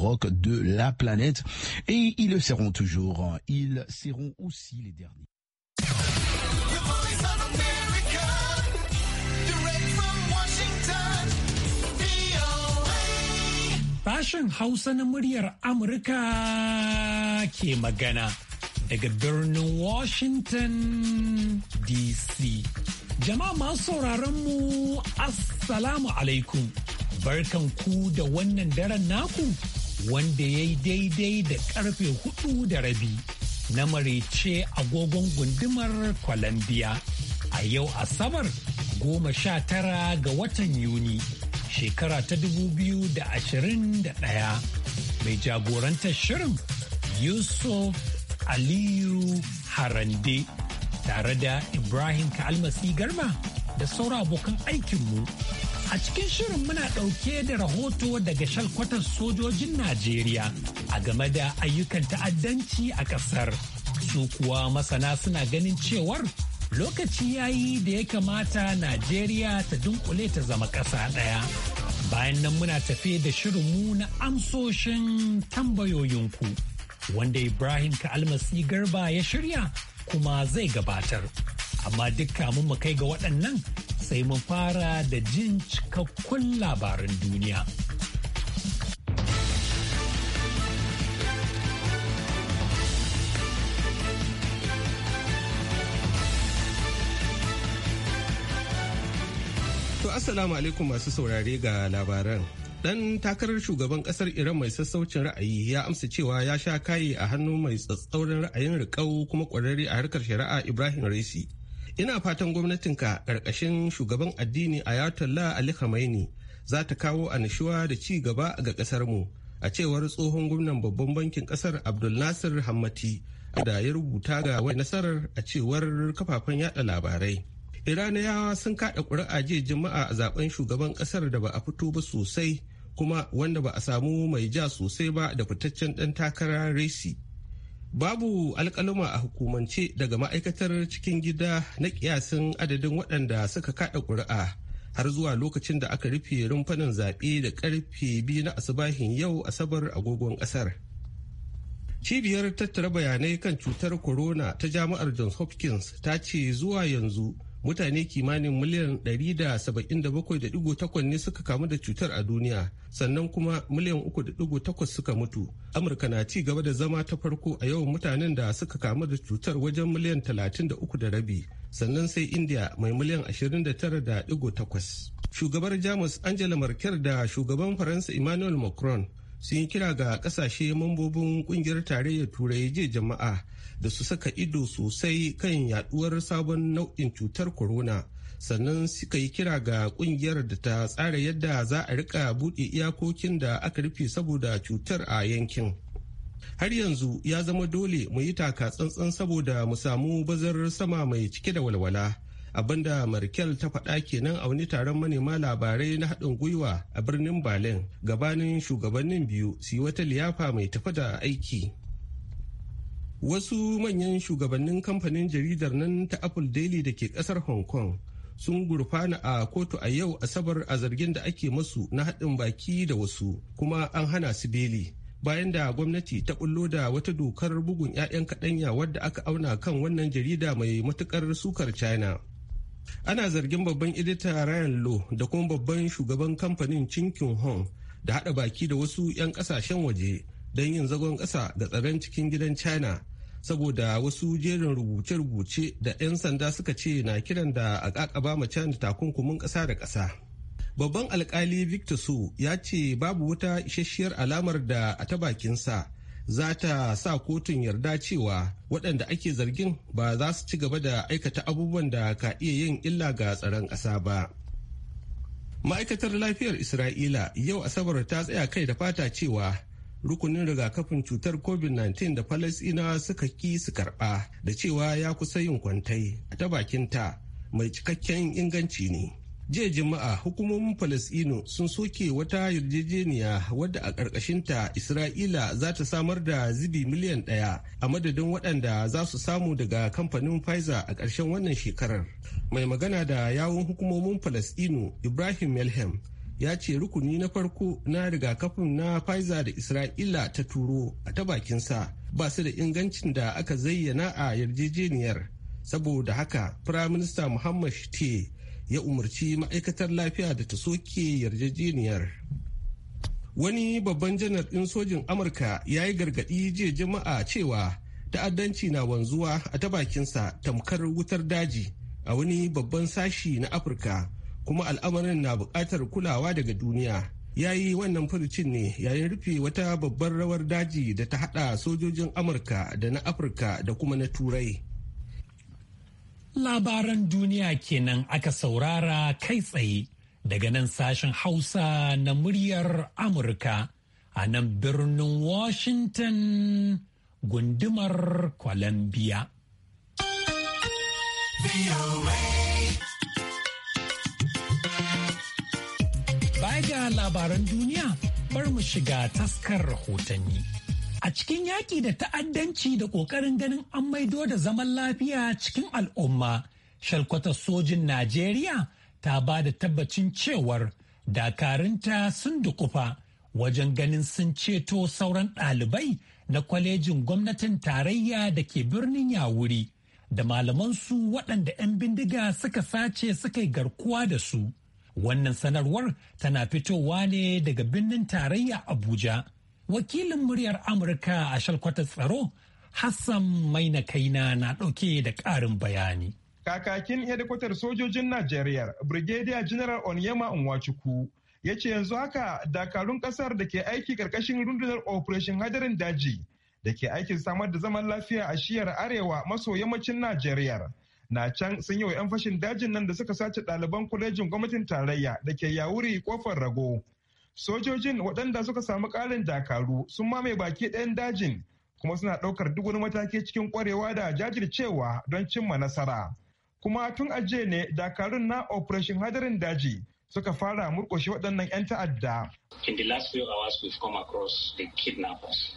rock de la planète. Et ils le seront toujours. Hein. Ils seront aussi les derniers. Fashion House na muryar Amurka ke magana daga birnin Washington DC. Jama'a masu sauraron Assalamu alaikum. Barkan ku da wannan daren naku wanda ya yi daidai da karfe hudu da rabi na marece agogon gundumar Colombia a yau Asabar goma sha tara ga watan Yuni shekara ta dubu biyu da ashirin da ɗaya mai jagorantar shirin Yusuf Aliyu Harande tare da Ibrahim Kalmasi garma da saura abokan aikinmu A cikin shirin muna ɗauke da rahoto daga shalkwatar sojojin Najeriya a game da ayyukan ta'addanci a ƙasar. Su kuwa masana suna ganin cewar lokaci ya yi da ya kamata Najeriya ta dunkule ta zama ƙasa ɗaya. Bayan nan muna tafe da shirin mu na amsoshin tambayoyinku wanda Ibrahim Ka'almasi Garba ya shirya kuma zai gabatar. Amma duk mu kai ga waɗannan sai mu fara da jin cikakkun labaran duniya. To Assalamu alaikum masu saurare ga labaran. Dan takarar shugaban kasar Iran mai sassaucin ra'ayi ya amsa cewa ya sha kayi a hannu mai tsatsauran ra'ayin riƙau kuma ƙwararre a harkar shari'a Ibrahim Raisi ina fatan gwamnatinka ƙarƙashin shugaban addini ayatollah ali khamenei za ta kawo anishuwa da ci gaba ga ƙasar mu a cewar tsohon gwamnan babban bankin ƙasar abdul nasir hammati da ya rubuta ga wani nasarar a cewar kafafen yada labarai iraniyawa sun kaɗa ƙuri'a jiya juma'a a zaben shugaban ƙasar da ba a fito ba sosai kuma wanda ba a samu mai ja sosai ba da fitaccen ɗan takara resi babu alkaluma a hukumance daga ma'aikatar cikin gida na kiyasin adadin waɗanda suka kaɗa ƙuri'a har zuwa lokacin da aka rufe rumfanin zaɓe da ƙarfe biyu na asubahin yau asabar agogon ƙasar cibiyar tattara bayanai kan cutar corona ta jami'ar johns hopkins ta ce zuwa yanzu mutane kimanin miliyan 177.8 ne suka kamu da cutar a duniya sannan kuma miliyan 3.8 suka mutu amurka na ci gaba da zama ta farko a yawan mutanen da suka kamu da cutar wajen miliyan 33.5 sannan sai india mai miliyan 29.8 shugabar jamus angela merkel da shugaban faransa emmanuel macron sun yi kira ga kasashe mambobin kungiyar tarayyar turai jiya jama'a da su saka ido sosai kan yaduwar sabon nau'in cutar corona sannan suka yi kira ga kungiyar da ta tsara yadda za a rika buɗe iyakokin da aka rufe saboda cutar a yankin har yanzu ya zama dole mu yi taka tsantsan saboda mu samu bazar sama mai cike da walwala abinda merkel ta faɗa kenan a wani taron manema labarai na haɗin gwiwa a birnin berlin gabanin shugabannin biyu su yi wata liyafa mai tafi da aiki wasu manyan shugabannin kamfanin jaridar nan ta apple daily da ke ƙasar hong kong sun gurfana a kotu a yau asabar a zargin da ake masu na haɗin baki da wasu kuma an hana su beli bayan da gwamnati ta bullo da wata dokar bugun 'ya'yan kaɗanya wadda aka auna kan wannan jarida mai matukar sukar china ana zargin babban edita ryan lo da kuma babban shugaban kamfanin cinkin hong da hada baki da wasu 'yan kasashen waje don yin zagon kasa ga tsaron cikin gidan china saboda wasu jerin rubuce-rubuce da 'yan sanda suka ce na kiran da a kakaba ma china takunkumin kasa da kasa babban alkali victor so ya ce babu wata isasshiyar alamar da a ta bakinsa za ta sa kotun yarda cewa waɗanda ake zargin ba za su ci gaba da aikata abubuwan da ka iya yin illa ga tsaron ƙasa ba. Ma'aikatar lafiyar Isra'ila yau Asabar ta tsaya kai da fata cewa rukunin rigakafin cutar COVID-19 da Falasina suka ki su karɓa da cewa ya kusa yin kwantai a ta bakinta mai cikakken inganci ne. jiya juma'a hukumomin Falasɗinu sun soke wata yarjejeniya wadda a ƙarƙashinta isra'ila za ta samar da zibi miliyan ɗaya a madadin waɗanda za su samu daga kamfanin pfizer a ƙarshen wannan shekarar mai magana da yawun hukumomin Falasɗinu, ibrahim melhem ya ce rukuni na farko na rigakafin na pfizer da isra'ila ta turo a ta bakinsa ba su da ingancin da aka zayyana a yarjejeniyar saboda haka firaminista muhammad shite ya umarci ma'aikatar lafiya da ta soke yarjejeniyar wani babban janar ɗin sojin amurka ya yi gargaɗi jiya jama'a cewa ta'addanci na wanzuwa a ta bakinsa tamkar wutar daji a wani babban sashi na afirka kuma al'amarin na buƙatar kulawa daga duniya ya yi wannan furucin ne yayin rufe wata babbar rawar daji da ta haɗa sojojin amurka da na afirka da kuma na turai Labaran duniya kenan aka saurara kai tsaye daga nan sashen Hausa na muryar Amurka a nan birnin Washington gundumar Columbia. Baya ga labaran duniya bar mu shiga taskar rahotanni. A cikin yaƙi da ta'addanci da ƙoƙarin ganin an maido da zaman lafiya cikin al'umma, shalkwatar sojin Najeriya ta ba da tabbacin cewar dakarunta sun dukufa wajen ganin sun ceto sauran ɗalibai na kwalejin gwamnatin tarayya da ke birnin Yawuri da malaman su waɗanda 'yan bindiga suka sace suka yi garkuwa da su. Wannan sanarwar tana fitowa ne daga birnin tarayya Abuja. wakilin muryar amurka a shalkwatar tsaro hassan maina kaina na ɗauke da ƙarin bayani kakakin hedikwatar sojojin najeriya brigadier general onyema nwachukwu ya ce yanzu haka dakarun ƙasar da ke aiki ƙarƙashin rundunar operation hadarin daji da ke aikin samar da zaman lafiya a shiyar arewa maso yammacin najeriya na can sun yi wa 'yan fashin dajin nan da suka sace ɗaliban kwalejin gwamnatin tarayya da ke yawuri kofar rago sojojin waɗanda suka samu ƙarin dakaru sun mamaye baki ɗayan dajin kuma suna ɗaukar duk wani mataki cikin ƙwarewa da jajircewa don cimma nasara kuma tun ajiye ne dakarun na operation hadarin daji suka fara murƙushe waɗannan 'yan ta'adda.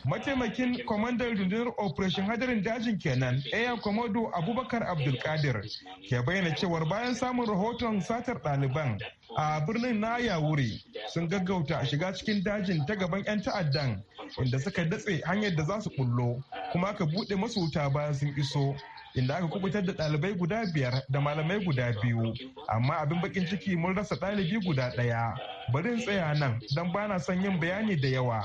Mataimakin kwamandan rundunar Operation Hadarin Dajin kenan, Air Komodo Abubakar Abdulkadir ke bayyana cewar bayan samun rahoton satar ɗaliban a birnin na Yawuri sun gaggauta shiga cikin dajin ta gaban 'yan ta'addan inda suka datse hanyar da za su kullo kuma ka buɗe masu wuta bayan sun iso. inda aka kubutar da ɗalibai guda biyar da malamai guda biyu amma abin bakin ciki mun rasa ɗalibi guda ɗaya bari in tsaya nan don ba na son yin bayani da yawa.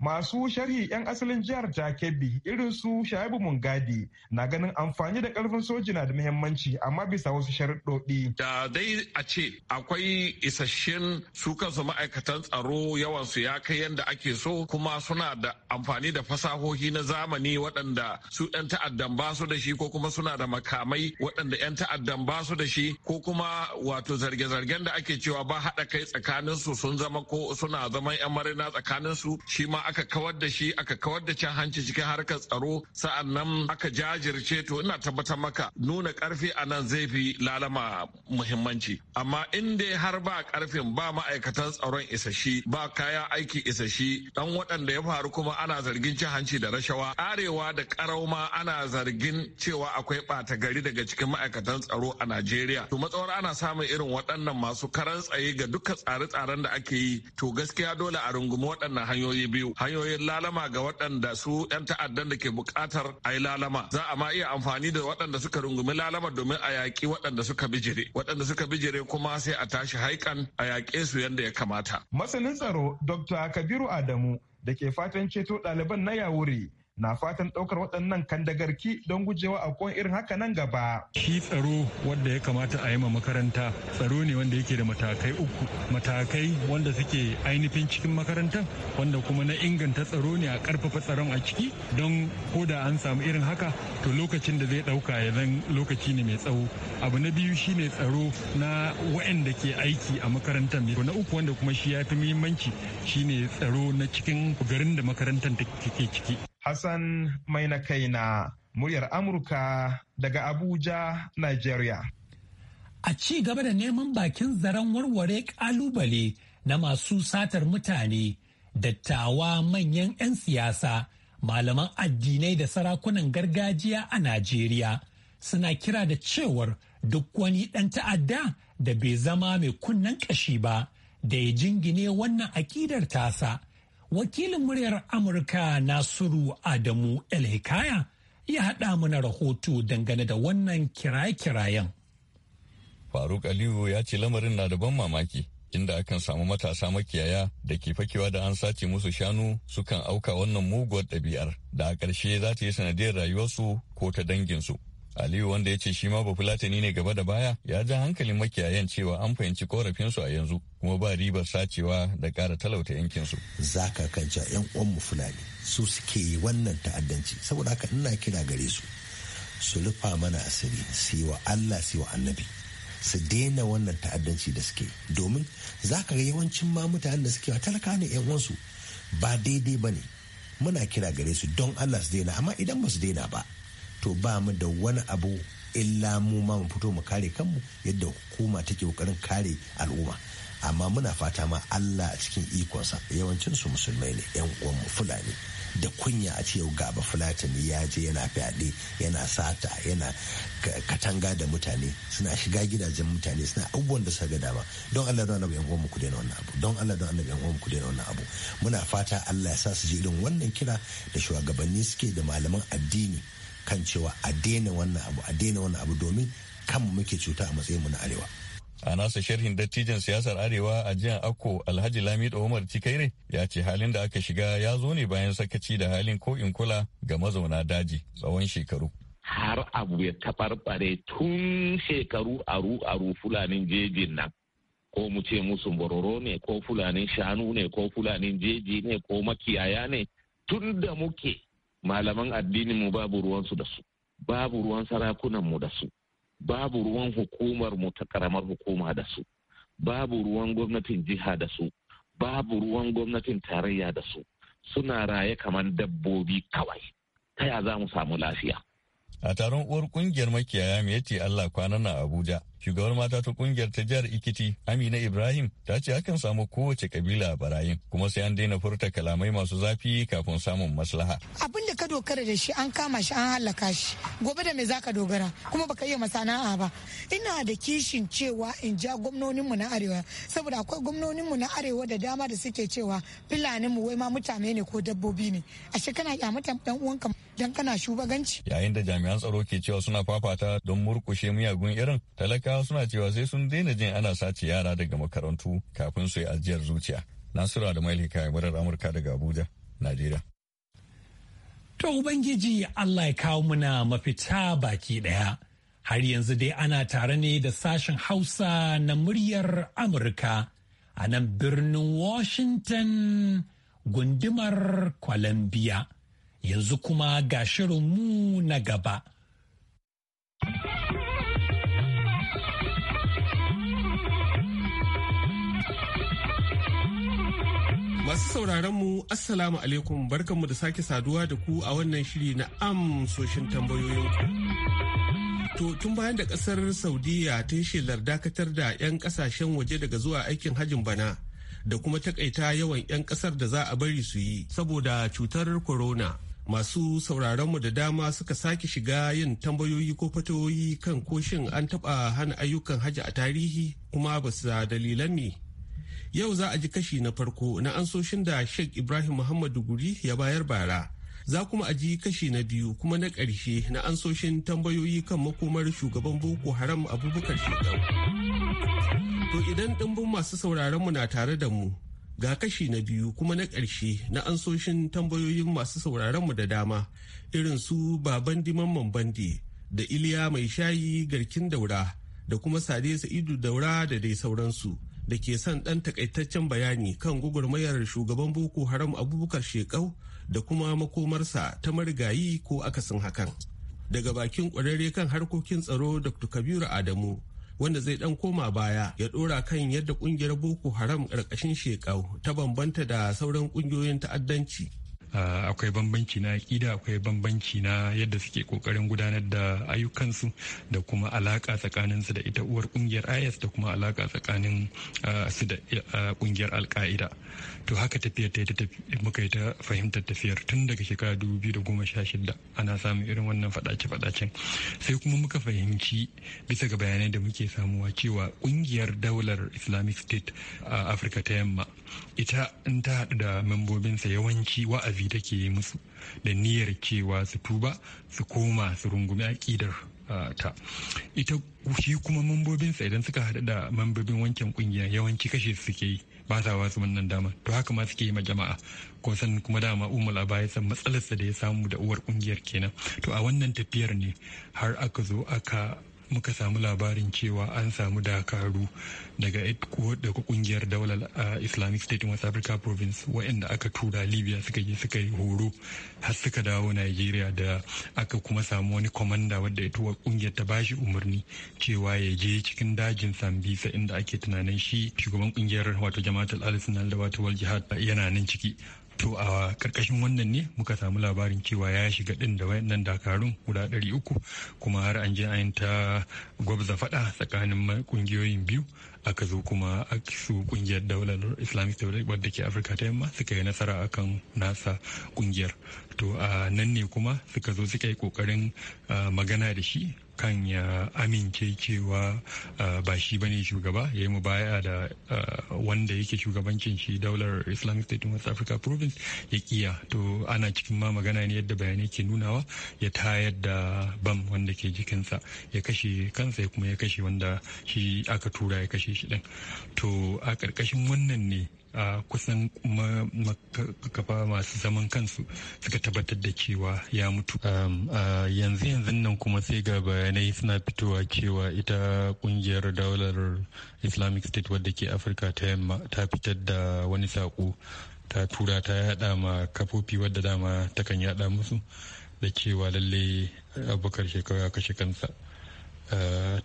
Masu sharhi 'yan asalin jihar ta Kebbi irin su Shaibu Mungadi na ganin amfani da karfin soji na da muhimmanci amma bisa wasu sharuɗoɗi. Da dai a ce akwai isasshen su ma'aikatan tsaro yawan su ya kai yadda ake so kuma suna da amfani da fasahohi na zamani waɗanda su 'yan ta'addan ba su da shi ko kuma suna da makamai waɗanda 'yan ta'addan ba su da shi ko kuma wato zarge-zargen da ake cewa cewa ba haɗa kai tsakanin su sun zama ko suna zaman yan marina tsakanin su shi ma aka kawar da shi aka kawar da cin hanci cikin harkar tsaro sa'an nan aka jajirce to ina tabbatar maka nuna karfi a nan zai fi lalama muhimmanci amma in dai har ba karfin ba ma'aikatan tsaron isashi ba kaya aiki isashi dan waɗanda ya faru kuma ana zargin cin hanci da rashawa arewa da karauma ana zargin cewa akwai ɓata gari daga cikin ma'aikatan tsaro a najeriya to matsawar ana samun irin waɗannan masu karan karan tsaye ga duka tsare-tsaren da ake yi to gaskiya dole a rungumi waɗannan hanyoyi biyu hanyoyin lalama ga waɗanda su 'yan ta'addan da ke buƙatar a yi lalama za a ma iya amfani da waɗanda suka rungumi lalama domin a yaƙi waɗanda suka bijire waɗanda suka bijire kuma sai a tashi haikan a yaƙe su yadda ya kamata. masanin tsaro dr kabiru adamu da ke fatan ceto ɗaliban na yawuri na fatan ɗaukar waɗannan kandagarki don gujewa akwai irin haka nan gaba. Shi tsaro wanda ya kamata a yi ma makaranta tsaro ne wanda yake da matakai uku matakai wanda suke ainihin cikin makarantar wanda kuma na inganta tsaro ne a karfafa tsaron a ciki don ko da an samu irin haka to lokacin da zai ɗauka ya zan lokaci ne mai tsawo abu na biyu shi ne tsaro na waɗanda ke aiki a makarantar na uku wanda kuma shi ya fi muhimmanci shi ne tsaro na cikin garin da makarantar take ciki Hassan mai na kaina muryar Amurka daga Abuja, Nigeria. A ci gaba da neman bakin zaren warware kalubale na masu satar mutane, dattawa manyan 'yan siyasa, malaman addinai da sarakunan gargajiya a Najeriya suna kira da cewar duk wani ɗan ta'adda da bai zama mai kunnen ƙashi ba da ya jingine wannan akidar tasa. wakilin muryar amurka nasiru adamu el hikaya ya haɗa mana rahoto dangane da wannan kiraye-kirayen faruk aliyu ya ce lamarin na da ban mamaki inda akan samu matasa makiyaya da ke fakewa da an sace musu shanu sukan auka wannan muguwar ɗabi'ar da a ƙarshe za ta yi sanadiyar rayuwarsu ko ta danginsu Aliyu wanda ya ce shi ma ba fulatani ne gaba da baya ya ja hankalin makiyayan cewa an fahimci korafinsu a yanzu kuma ba ribar sacewa da ƙara talauta yankinsu. Za ka kanca 'yan uwanmu Fulani su suke yi wannan ta'addanci saboda haka ina kira gare su su rufa mana asiri su yi wa Allah su yi wa annabi su daina wannan ta'addanci da suke domin za ka ga yawancin ma mutanen da suke talaka ne 'yan uwansu ba daidai ba ne muna kira gare su don Allah su daina amma idan ba su daina ba to ba mu da wani abu illa mu ma mu fito mu kare kanmu yadda hukuma take kokarin kare al'umma amma muna fata ma Allah a cikin ikonsa yawancin su musulmai ne yan mu fulani da kunya a ce yau gaba fulatin ya je yana fyaɗe yana sata yana katanga da mutane suna shiga gidajen mutane suna abubuwan da suka dama don Allah don Allah yan mu ku daina wannan abu don Allah don Allah yan mu ku daina wannan abu muna fata Allah ya sa su ji irin wannan kira da shugabanni suke da malaman addini kan cewa a daina wannan abu a daina wannan abu domin kanmu muke cuta a matsayin mu na arewa a nasa sharhin dattijan siyasar arewa a jiyan akko alhaji lamido umar cikaire ya ce halin da aka shiga ya zo ne bayan sakaci da halin ko in kula ga mazauna daji tsawon shekaru har abu ya taɓarɓare tun shekaru aru aru fulanin jejin nan ko mu ce musu bororo ne ko fulanin shanu ne ko fulanin jeji ne ko makiyaya ne tun da muke malaman addinin mu babu ruwansu da su babu ruwan sarakunan mu da su babu ruwan hukumar mu ta karamar hukuma da su babu ruwan gwamnatin jiha da su babu ruwan gwamnatin tarayya da su suna raye kamar dabbobi kawai ta ya za mu samu lafiya a taron uwar kungiyar makiyaya mai yace Allah kwanan na Abuja. Shugabar mata ta kungiyar ta jihar Ikiti Amina Ibrahim ta ce akan samu kowace kabila a barayin kuma sai an daina furta kalamai masu zafi kafin samun maslaha. Abin da dokara da shi an kama shi an hallaka shi gobe da me zaka dogara kuma baka iya masana'a ba ina da kishin cewa in ja gwamnoninmu na arewa saboda akwai gwamnoninmu na arewa da dama da suke cewa mu wai ma mutane ne ko dabbobi ne ashe kana mutan dan uwanka dan kana shugabanci yayin da jami'an tsaro ke cewa suna fafata don murkushe miyagun irin talakawa suna cewa sai sun daina jin ana sace yara daga makarantu kafin su yi ajiyar zuciya nasura da mailika murar amurka daga abuja najeriya To Ubangiji Allah ya kawo muna mafita baki ɗaya. Har yanzu dai ana tare ne da sashen Hausa na muryar Amurka a nan birnin Washington gundumar Columbia. Yanzu kuma ga mu na gaba. sauraron mu Assalamu alaikum barkanmu da sake saduwa da ku a wannan shiri na amsoshin tambayoyin To tun bayan da kasar Saudiya ta yi shelar dakatar da 'yan kasashen waje daga zuwa aikin hajin bana da kuma takaita yawan 'yan kasar da za a bari su yi saboda cutar corona. Masu sauraronmu da dama suka sake shiga yin tambayoyi ko fatoyi kan koshin an taɓa hana ayyukan haji a tarihi kuma ba su dalilan ne. Yau za a ji kashi na farko na ansoshin da Sheikh Ibrahim Muhammadu Guri ya bayar bara. Za kuma a ji kashi na biyu kuma na ƙarshe na ansoshin tambayoyi kan makomar shugaban Boko Haram Abubakar Shekau. To idan ɗimbin masu sauraron mu na tare da mu ga kashi na biyu kuma na ƙarshe na ansoshin tambayoyin masu sauraron mu da dama irin su baban diman bandi da iliya mai shayi garkin daura da kuma sade sa'idu daura da dai sauransu da ke son ɗan takaitaccen bayani kan gugurmayar shugaban boko haram abubakar shekau da kuma makomarsa ta marigayi ko akasin hakan daga bakin ƙwararre kan harkokin tsaro dr kabiru adamu wanda zai ɗan koma baya ya ɗora kan yadda ƙungiyar boko haram ƙarƙashin shekau ta bambanta da sauran ƙungiyoyin ta'addanci Ah, akwai bambanci na akida akwai bambanci na yadda suke kokarin gudanar da ayyukansu da kuma alaƙa tsakaninsu da ita uwar ƙungiyar is da kuma alaƙa tsakanin ah, su da ah, ƙungiyar alƙa'ida to haka tafiyar ta muka yi ta fahimtar tafiyar tun daga shekara shida ana samun irin wannan fadace-fadacen sai kuma muka fahimci bisa ga bayanai da muke samuwa cewa ƙungiyar daular islamic state a afirka ta yamma ita in ta haɗu da membobinsa yawanci wa'azi wa'azi take yi musu da niyyar cewa su tuba su koma su rungumi aƙidar ta ita shi kuma mambobinsa idan suka haɗu da mambobin wankin kungiya yawanci kashe suke yi ba sa wasu wannan dama to haka ma suke yi ma jama'a ko san kuma dama umar a baya san matsalarsa da ya samu da uwar ƙungiyar kenan to a wannan tafiyar ne har aka zo aka muka samu labarin cewa an samu dakaru daga daga kungiyar daular ah, islamic state in west africa province waɗanda aka tura libya suka yi suka yi horo har suka dawo nigeria da aka kuma samu wani komanda wadda ita kungiyar ta bashi umarni cewa ya je cikin dajin sambisa inda ake tunanin shi shugaban kungiyar wato jama'atul al da wato wal jihad yana nan ciki to a karkashin wannan ne muka samu labarin cewa ya shiga din da wayannan dakarun guda ɗari uku kuma har an je an ta gwabza faɗa tsakanin ƙungiyoyin biyu aka zo kuma a su ƙungiyar daular islamic daular wadda ke afirka ta yamma suka yi nasara akan nasa ƙungiyar to a nan ne kuma suka zo suka yi kokarin magana da shi kan ya amince cewa uh, ba shi bane shugaba ya yi baya da uh, wanda yake shugabancin shi daular islamic state west africa province ya kiya to ana cikin ma magana ne yadda bayanai ke nunawa ya tayar da bam wanda ke jikinsa ya kashe kansa ya kuma ya kashe wanda shi aka tura ya kashe shi din to a ƙarƙashin wannan ne a kusan kafa masu zaman kansu suka tabbatar da cewa ya mutu. yanzu yanzu nan kuma sai ga bayanai suna fitowa cewa ita kungiyar daular islamic state wadda ke afirka ta yamma ta fitar da wani saƙo ta tura ta yada ma kafofi wadda dama takan yada musu da cewa lallai abubakar shekara kashe kansa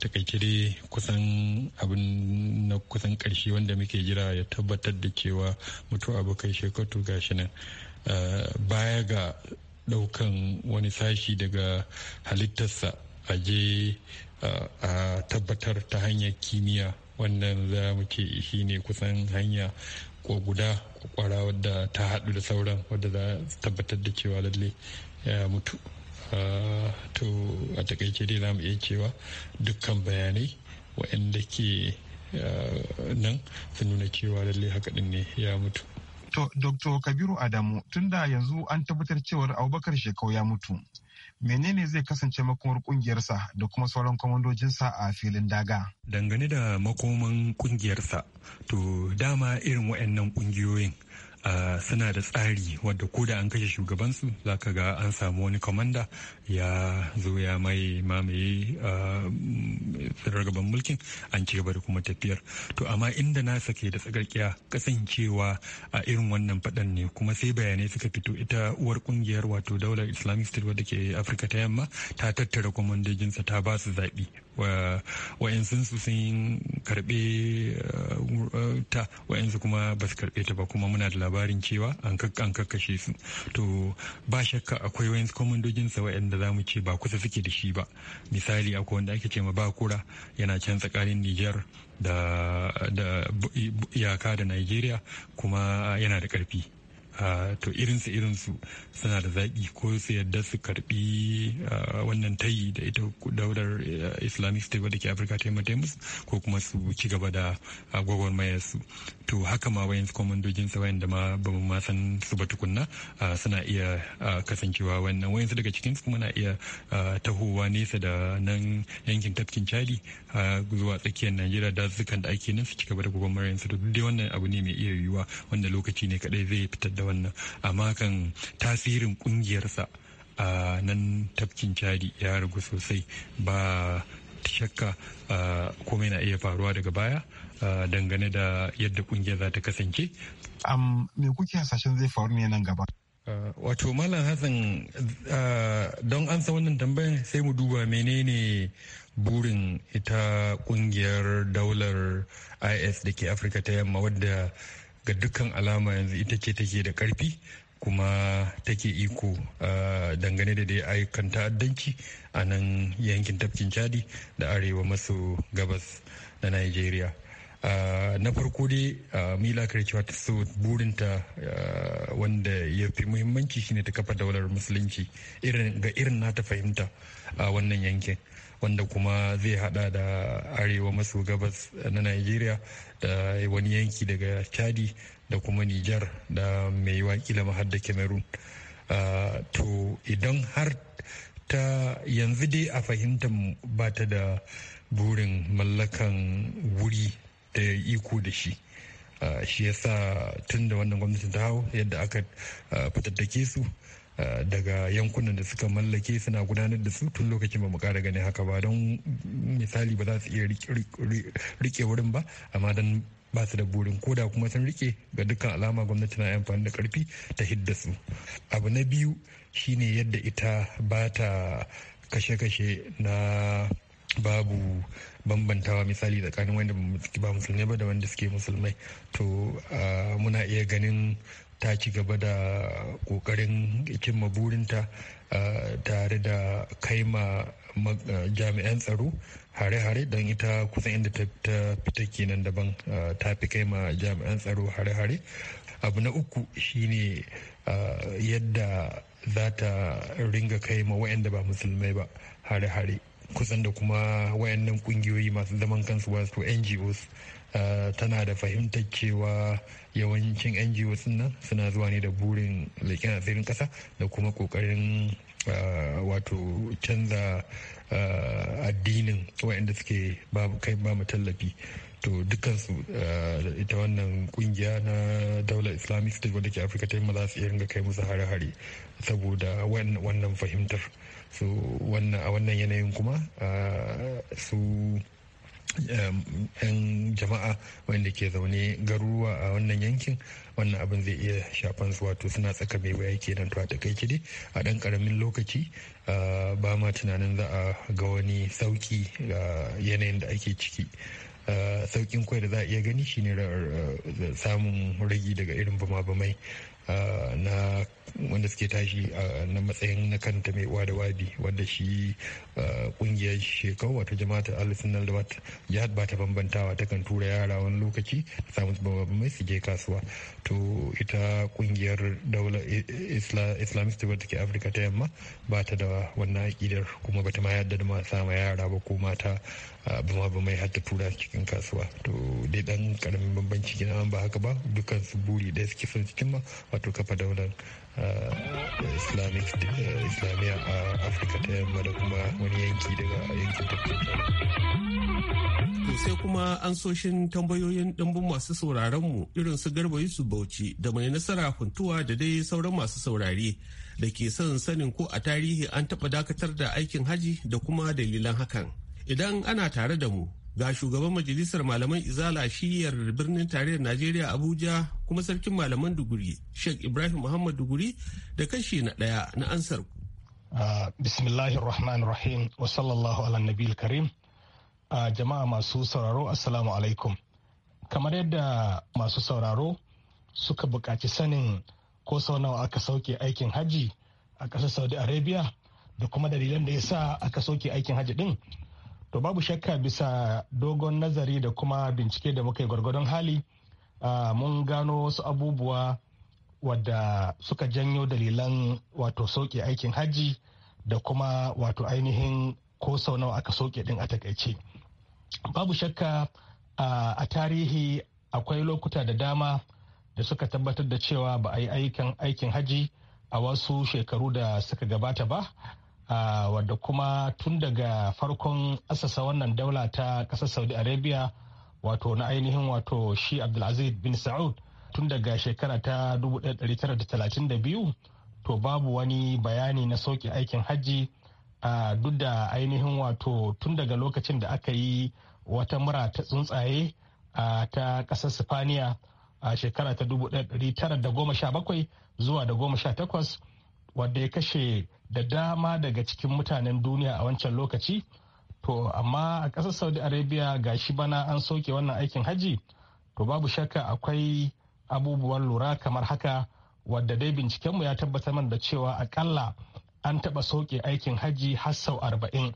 ta kusan abin na kusan karshe wanda muke jira ya tabbatar da cewa mutu abokai shekatu gashi nan uh, baya ga daukan wani sashi daga halittarsa aje uh, a tabbatar ta hanyar kimiyya wannan za mu ce shi ne kusan hanya ko guda kwara wadda ta haɗu da sauran wadda za tabbatar da cewa lalle ya mutu to a takaice dai za iya cewa dukkan bayanai waɗanda ke nan su nuna cewa lallai haka ɗin ne ya mutu To, Dr. Kabiru Adamu, tunda yanzu an tabbatar cewar Abubakar Shekau ya mutu, menene zai kasance makomar kungiyarsa da kuma sauran kwamandojinsa a filin daga? Dangane da makoman kungiyarsa, to dama irin waɗannan kungiyoyin suna da tsari wadda ko da an kashe shugabansu za ka ga an samu wani kwamanda ya zo ya mai mamaye ragaban mulkin an ci gaba da kuma tafiyar to amma inda nasa ke da tsagarkiya kasancewa a irin wannan faɗan ne kuma sai bayanai suka fito ita uwar kungiyar wato daular islamic state wadda ke afirka ta yamma ta tattara kwamandajinsa ta ba su zaɓi wa'yansu sun karɓe ta wa'yansu kuma ba su karɓe ta ba kuma muna da labarin labarin cewa an kakkashe su to ba shakka akwai wayansu komandojin sa waɗanda za mu ce ba kusa suke da shi ba misali akwai wanda ake ce ma bakura yana can tsakanin Nijar da iyaka da Nigeria kuma yana da karfi to irinsu irinsu suna da zaƙi ko su yadda su karbi wannan tayi da ita daular islamic state wadda ke afirka ta yi musu ko kuma su ci gaba da gwagwarmayar su to haka ma wayan komandojin sa wayan da ma ba mu ma san su ba tukunna suna iya kasancewa wannan wayan su daga cikin su kuma na iya tahowa nesa da nan yankin tafkin chadi zuwa tsakiyar najeriya zukan da ake nan su ci gaba da gwagwarmayar su duk dai wannan abu ne mai iya yiwuwa wanda lokaci ne kadai zai fitar da wannan amma kan tasirin kungiyarsa a nan tafkin chadi ya ragu sosai ba shakka komai na iya faruwa daga baya dangane da yadda kungiyar za ta kasance. me kuke hasashen zai faru ne nan gaba? wato malam hassan don ansa wannan tambayar sai mu duba menene burin ita kungiyar daular is da ke afirka ta yamma wadda ga dukkan alama yanzu ita ce take da karfi kuma take iko dangane da dai ayyukan ta'addanci a nan yankin tafkin chadi da arewa maso gabas na nigeria Eh, na farko dai eh, mila cewa ta so burinta eh, wanda ya fi muhimmanci shine ta kafa daular musulunci ga irin nata fahimta a wannan yankin wanda kuma zai hada da arewa maso gabas na nigeria da wani yanki daga chadi da kuma nijar da mai wakila mahad da cameroon to idan har ta yanzu dai a fahimtar ba ta da burin mallakan wuri iko da shi shi ya sa tun da wannan gwamnatin ta hau yadda aka fitattake su daga yankunan da suka mallake suna gudanar da su tun lokacin ba mu kara ganin haka ba don misali ba za su iya rike wurin ba amma don ba su da burin koda kuma sun rike ga dukkan alama gwamnati na amfani da karfi ta hidda su abu na biyu shine yadda ita ba ta kashe-kashe na babu bambantawa misali tsakanin wanda ba musulmai ba da wanda suke musulmai to muna iya ganin ta ci gaba da kokarin cimma burinta tare da kai ma jami'an tsaro hare-hare don ita kusan inda ta fita kenan daban ta fi kai ma jami'an tsaro hare-hare abu na uku shine yadda za ta ringa kai ma waɗanda ba musulmai ba hare-hare kusan da kuma wayannan kungiyoyi masu zaman kansu wasu ngos eh, tana da fahimtar cewa yawancin ngos nan suna zuwa ne da burin leƙen asirin ƙasa da kuma ƙoƙarin eh, wato canza eh, addinin wayanda suke kai ba mu tallafi to dukansu eh, ita wannan kungiya na daular islamic state wadda ke afirka ta yi za su iya ringa kai musu hare-hare saboda wannan fahimtar so a wannan yanayin kuma eh, su yan jama'a wanda ke zaune garuruwa a wannan yankin wannan abin zai iya shafan su wato suna tsaka mai waya kenan to a takaice dai a ɗan ƙaramin lokaci eh, ba ma tunanin za a ga wani sauki ga yanayin da ake ciki Eh, saukin kwai da za a iya gani shine eh, samun ragi daga irin bama-bamai eh, na wanda suke tashi na matsayin na kanta mai uwa da wabi wanda shi kungiyar shekau wato jama'atul alisunan da jihar ba ta bambantawa ta kan tura yara wani lokaci ta samu mai su je kasuwa to ita kungiyar daular islamist ke take afirka ta yamma ba ta da wannan aƙidar kuma ba ta ma yadda da masu sama yara ba ko mata bama ba mai hatta tura cikin kasuwa to dai dan karamin bambanci gina ba haka ba dukkan su buri ɗaya suke son cikin ma wato kafa daular islamic eh, islamiyya a afirka ta yamma da kuma wani yanki daga yankin To sai kuma an soshin tambayoyin ɗimbin masu sauraron mu irin su garba yusuf bauchi da mai nasara kuntuwa da dai sauran masu saurari da ke son sanin ko a tarihi an taɓa dakatar da aikin haji da kuma dalilan hakan. Idan ana tare da mu ga shugaban majalisar malaman izala shiyar birnin tarayyar najeriya abuja kuma sarkin malaman duguri sheikh ibrahim muhammad duguri da kashi na daya na ansar ku ah, bismillahir rahmanir rahim wa sallallahu ala nabil karim ah, jama'a masu sauraro assalamu alaikum kamar yadda masu sauraro suka buƙaci sanin ko sau nawa aka sauke aikin haji a ƙasar saudi arabia da kuma dalilan da ya sa aka sauke aikin haji din to babu shakka bisa dogon nazari da kuma bincike da muka yi gwargwadon hali mun gano wasu abubuwa wadda suka janyo dalilan wato soke aikin hajji da kuma wato ainihin ko sau nawa aka soke din a takaice babu shakka a tarihi akwai lokuta da dama da suka tabbatar da cewa ba a yi aikin aikin haji a wasu shekaru da suka gabata ba wadda kuma tun daga farkon asasa wannan daula ta ƙasar saudi arabia wato na ainihin wato shi abdulaziz bin sa'ud tun daga shekara ta 1932 to babu wani bayani na sauƙi aikin hajji a duk da ainihin wato tun daga lokacin da aka yi wata mura ta tsuntsaye ta ƙasar sifaniya a shekara ta 1917 zuwa da 18 wanda ya kashe da dama daga cikin mutanen duniya a wancan lokaci to amma a ƙasar saudi arabia ga shi bana an soke wannan aikin hajji to babu shakka akwai abubuwan lura kamar haka wadda dai bincikenmu ya tabbatar man da cewa akalla an taɓa soke aikin hajji har sau arba'in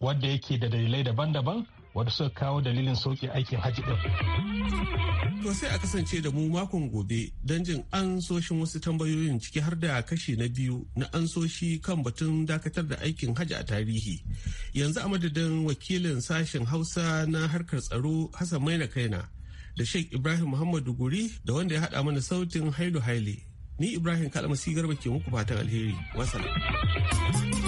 wadda yake da dalilai daban-daban wadda suka kawo dalilin sauƙi aikin hajji ɗin. To sai a kasance da mu makon gobe don jin ansoshin wasu tambayoyin ciki har da kashi na biyu na ansoshi kan batun dakatar da aikin hajji a tarihi. Yanzu a madadin wakilin sashen Hausa na harkar tsaro Hassan Maina Kaina da Sheikh Ibrahim Muhammadu Guri da wanda ya haɗa mana sautin Hailu Haile. Ni Ibrahim Kalmasi Garba ke muku fatan alheri. Wasalam.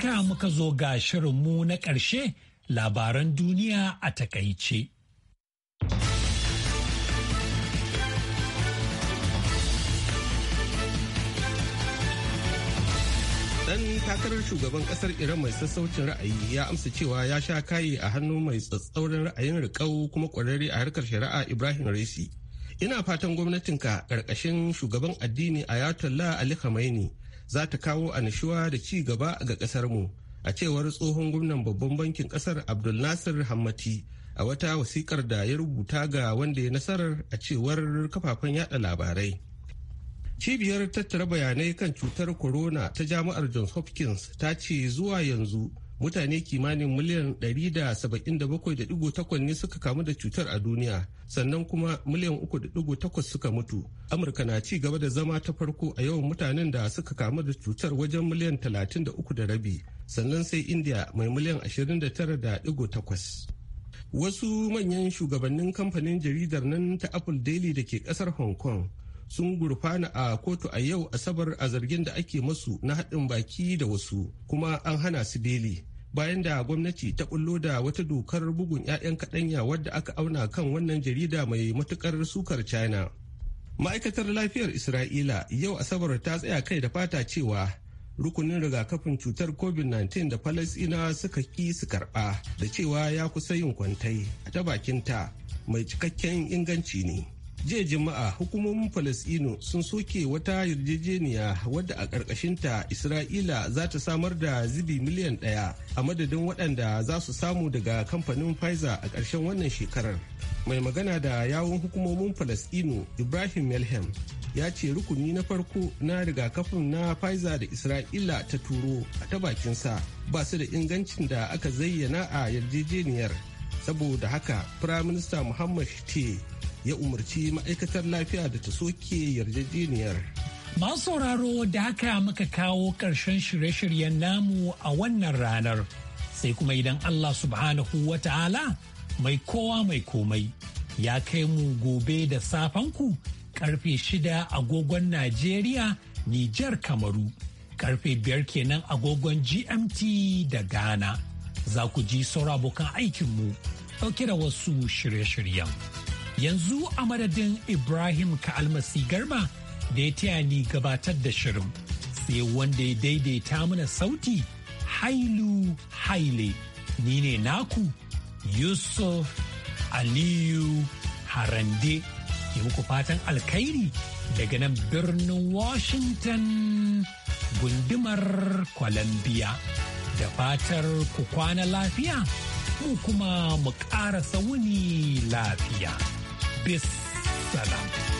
haka muka zo ga shirinmu na ƙarshe labaran duniya a takaice. ɗan takarar shugaban ƙasar iran mai sassaucin ra'ayi ya amsa cewa ya sha kayi a hannu mai tsatsaurin ra'ayin rikau kuma ƙwararre a harkar shari'a ibrahim raisi ina fatan gwamnatinka ƙarƙashin shugaban addini ayatollah ali khamenei za ta kawo anishuwa da ci gaba ga kasar mu a cewar tsohon gwamnan babban bankin kasar abdul nasir hammati a wata wasikar da ya rubuta ga wanda ya nasarar a cewar kafafen yada labarai cibiyar tattara bayanai kan cutar corona ta jami'ar johns hopkins ta ce zuwa yanzu mutane kimanin miliyan 177.8 ne suka kamu da cutar a duniya sannan kuma miliyan 3.8 suka mutu amurka na ci gaba da zama ta farko a yawan mutanen da suka kamu da cutar wajen miliyan 33.5 sannan sai india mai miliyan 29.8 wasu manyan shugabannin kamfanin jaridar nan ta apple daily da ke kasar hong kong sun gurfana a kotu a yau asabar a zargin da ake masu na haɗin baki da wasu kuma an hana su beli bayan da gwamnati ta bullo da wata dokar bugun 'ya'yan kaɗanya wadda aka auna kan wannan jarida mai matukar sukar china ma'aikatar lafiyar isra'ila yau asabar ta tsaya kai da fata cewa rukunin rigakafin cutar covid-19 da falasina suka ki su karba da cewa ya kusa yin kwantai ta bakinta mai cikakken inganci ne jiya juma'a hukumomin falasino sun soke wata yarjejeniya wadda a ƙarƙashinta isra'ila za ta samar da zibi miliyan ɗaya a madadin waɗanda za su samu daga kamfanin pfizer a ƙarshen wannan shekarar mai magana da yawun hukumomin falasino ibrahim melhem ya ce rukuni na farko na rigakafin na pfizer da isra'ila ta turo a ta bakinsa ba su da ingancin da aka zayyana a yarjejeniyar saboda haka firaminista muhammad te ya umarci ma'aikatar lafiya da ta soke yarjejeniyar masu sauraro da haka muka kawo ƙarshen shirye-shiryen namu a wannan ranar sai kuma idan allah subhanahu wa ta'ala mai kowa mai komai ya kai mu gobe da safen ku karfe shida agogon najeriya nijar kamaru karfe biyar kenan agogon gmt da ghana za ku ji saura abokan aikinmu ɗauke da wasu shirye-shiryen. Yanzu a madadin Ibrahim Ka'almasi Garba da ya taya ni gabatar da shirin sai wanda ya daidaita mana sauti hailu haile ni ne naku Yusuf Aliyu Harande ke muku fatan alkhairi daga nan birnin Washington gundumar Columbia. da fatar ku kwana lafiya mu kuma mu ƙara sauni lafiya bis salam